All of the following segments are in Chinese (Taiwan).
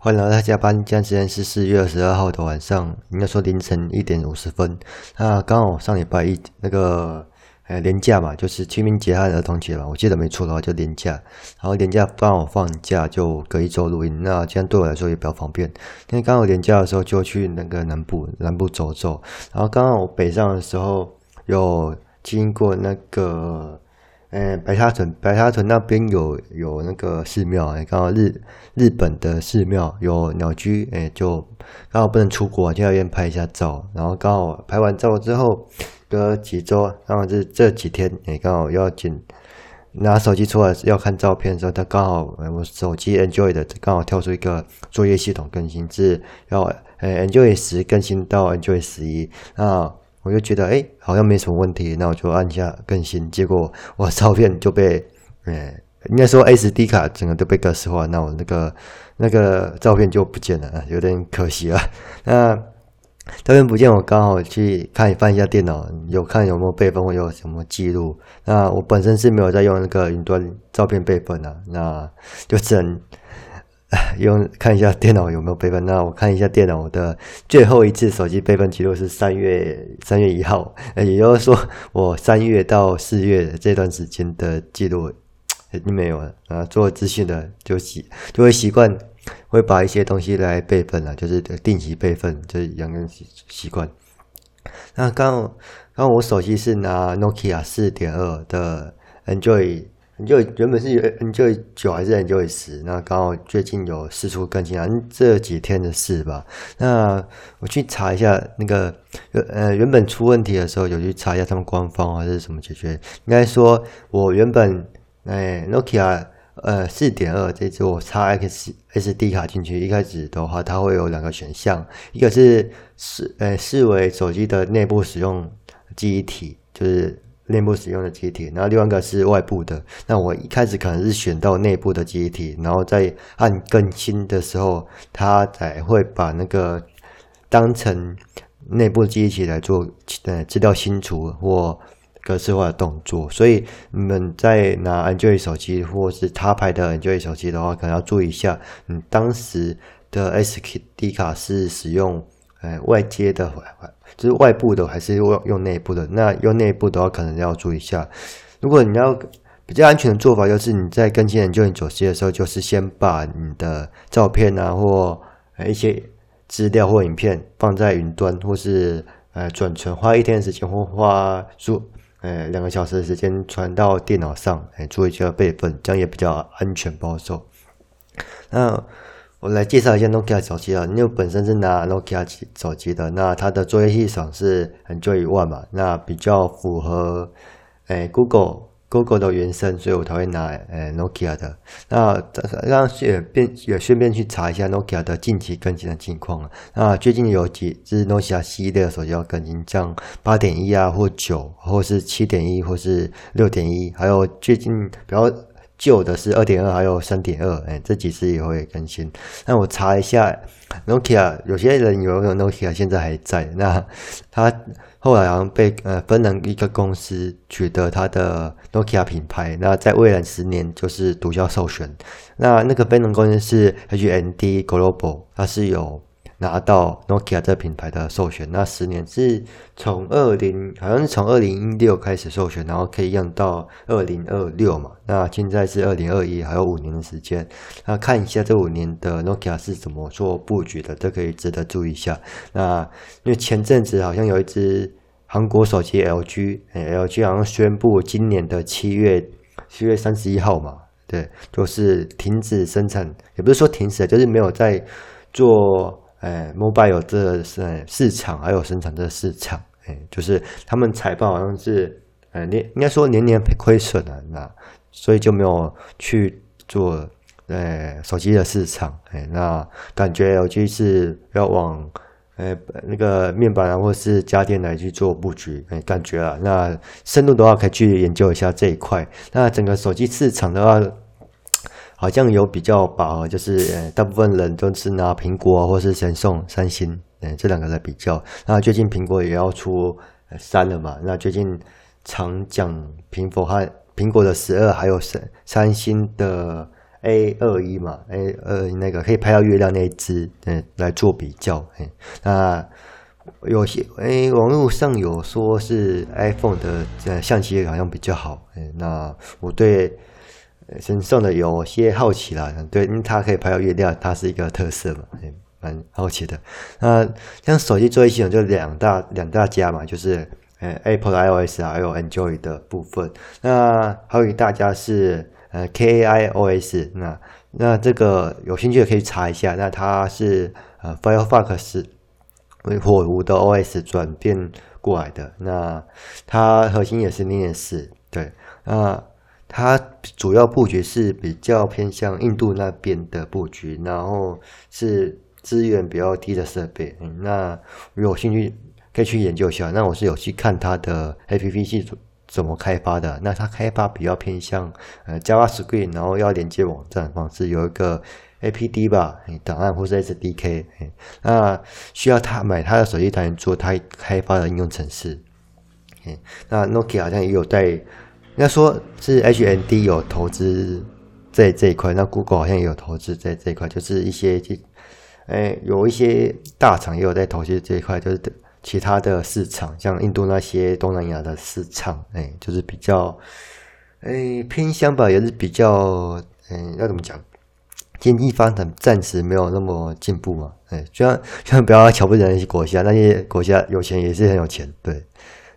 歡迎來到大家，班。今天時間是四月二十二號的晚上，應該說凌晨一點五十分。那剛好我上禮拜一那個呃連假嘛，就是清明節還有兒童節嘛，我記得沒錯的話就連假。然後連假剛好放假，就隔一周錄音。那這樣對我來說也比較方便，因為剛好連假的時候就去那個南部南部走走。然後剛好我北上的時候有經過那個。哎、嗯，白沙屯，白沙屯那邊有有那個寺廟，哎，剛好日日本的寺廟有鳥居，哎、欸，就剛好不能出國，就在那邊拍一下照，然後剛好拍完照之後，隔幾周，剛好是這幾天，也、欸、剛好要緊拿手機出來要看照片的時候，他剛好、嗯、我手機 Android 的，剛好跳出一個作業系統更新至要哎 Android 10更新到 Android 11，嗯、一啊。我就覺得，哎，好像沒什麼問題，那我就按下更新，結果我照片就被，呃，應該說 SD 卡整個都被格式化，那我那個那個照片就不見了，有點可惜了。那照片不見，我剛好去看翻一下電腦，有看有沒有備份或有什麼記錄。那我本身是沒有在用那個雲端照片備份了，那就只能。用看一下電腦有沒有備份？那我看一下電腦的最後一次手機備份記錄是三月三月一號，也就是說我三月到四月這段時間的記錄已經沒有了。啊，做資訊的就習就會習慣會把一些東西來備份了，就是定期備份這樣一種習慣。那剛剛我手機是拿 Nokia 四點二的 Android。你就原本是你就九還是你就會十，那剛好最近有釋出更新，啊，這幾天的事吧。那我去查一下那個呃，原本出問題的時候有去查一下他們官方還是什麼解決？應該說，我原本哎、呃、，Nokia 呃四點二，這次我插 X SD 卡進去，一開始的話它會有兩個選項，一個是視呃視為手機的內部使用記憶體，就是。內部使用的記憶體，然後另外一個是外部的。那我一開始可能是選到內部的記憶體，然後在按更新的時候，它才會把那個當成內部記憶體來做呃資料清除或格式化的動作。所以你們在拿安卓機手機或是他牌的安卓機手機的話，可能要注意一下，你、嗯、當時的 SD 卡是使用。呃、外接的、呃，就是外部的，還是用用內部的？那用內部的話，可能要注意一下。如果你要比較安全的做法，就是你在更新研究很走失的時候，就是先把你的照片啊，或、呃、一些資料或影片放在雲端，或是呃轉存，花一天的時間或花說、呃、兩個小時的時間傳到電腦上，呃、注做一下備份，這樣也比較安全保守。那。我來介紹一下諾基亞手機啊。因為我本身是拿諾基亞手機的，那它的作業系統是 Android One 嘛，那比較符合誒 Google Google 的原生，所以我才會拿誒諾基亞的。那讓也便也，也順便去查一下諾基亞的近期更新的情況啊。那最近有幾隻諾基亞系列手機要更新，像八點一啊，或九，或是七點一，或是六點一，還有最近比較，舊的是二點二，還有三點二，哎，這幾次也會更新。那我查一下 Nokia，有些人有有 Nokia 現在還在。那他後來好像被呃芬蘭一個公司取得他的 Nokia 品牌。那在未來十年就是獨家授權。那那個芬蘭公司是 HMD Global，它是有。拿到 Nokia 這品牌的授權，那十年是從二零，好像是從二零一六開始授權，然後可以用到二零二六嘛？那現在是二零二一，還有五年的時間。那看一下這五年的 Nokia 是怎麼做布局的，這可以值得注意一下。那因為前陣子好像有一支韓國手機 LG，哎、欸、LG 好像宣布今年的七月七月三十一號嘛？對，就是停止生產，也不是說停止，就是沒有在做。哎，mobile 有這市市場，還有生產這市場，哎，就是他們財報好像是，呃、哎，年應該說年年虧損了，那所以就沒有去做呃、哎、手機的市場，哎，那感覺尤其是要往，哎，那個面板啊，或者是家電來去做布局，哎，感覺啊，那深入的話可以去研究一下這一塊，那整個手機市場的話。好像有比較飽和，就是大部分人都是拿蘋果或是神送三星，這兩個來比較。那最近蘋果也要出三了嘛？那最近常講蘋果和蘋果的十二，還有三三星的 A 二一嘛？A 二一那個可以拍到月亮那一支，來做比較。那有些哎，網絡上有說是 iPhone 的相機好像比較好。那我對。先送的有些好奇了，對，因為它可以拍到月亮，它是一個特色嘛，蠻、欸、好奇的。那像手機作業系統就兩大兩大家嘛，就是呃、欸、Apple 的 iOS 還有 Android 的部分，那還有一大家是呃 KaiOS，那那這個有興趣的可以查一下，那它是呃 Firefox 為火狐的 OS 轉變過來的，那它核心也是 Linux，對，那。它主要布局是比較偏向印度那邊的布局，然後是資源比較低的設備。那如果有興趣可以去研究一下。那我是有去看它的 APP 是怎麼開發的。那它開發比較偏向呃 JavaScript，然後要連接網站方式有一個 APD 吧，檔案或是 SDK。那需要他買他的手機才能做他開發的應用程式。那 Nokia 好像也有在。那說是 HMD 有投資在這一塊，那 Google 好像也有投資在這一塊，就是一些哎，有一些大廠也有在投資在這一塊，就是其他的市場，像印度那些東南亞的市場，哎，就是比較哎偏向吧，也是比較嗯、哎，要怎麼講？經濟發展暫時沒有那麼進步嘛，哎，就像就像不要瞧不起那些國家，那些國家有錢也是很有錢，對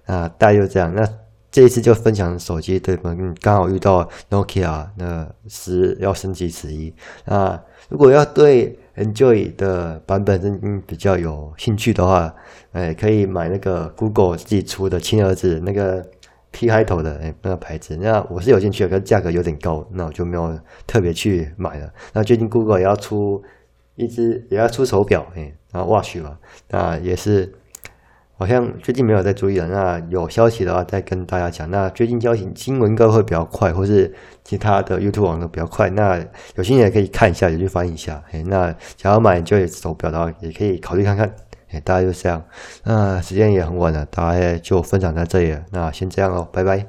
啊，那大約這樣那。這一次就分享手機對吧？嗯，剛好遇到 Nokia 那十要升級十一。那如果要對 Enjoy 的版本嗯比較有興趣的話，哎，可以買那個 Google 自己出的親兒子那個 P 開頭的哎那個牌子。那我是有興趣的，可是價格有點高，那我就沒有特別去買了。那最近 Google 也要出一只，也要出手表哎，然後 Watch 嘛，那也是。好像最近沒有在注意了，那有消息的話再跟大家講。那最近交情新聞都會比較快，或是其他的 YouTube 網都比較快。那有興趣也可以看一下，也去翻譯一下。誒那想要買這個手錶的話，也可以考慮看看。哎，大家就這樣。那時間也很晚了，大家就分享在這裡了，那先這樣哦，拜拜。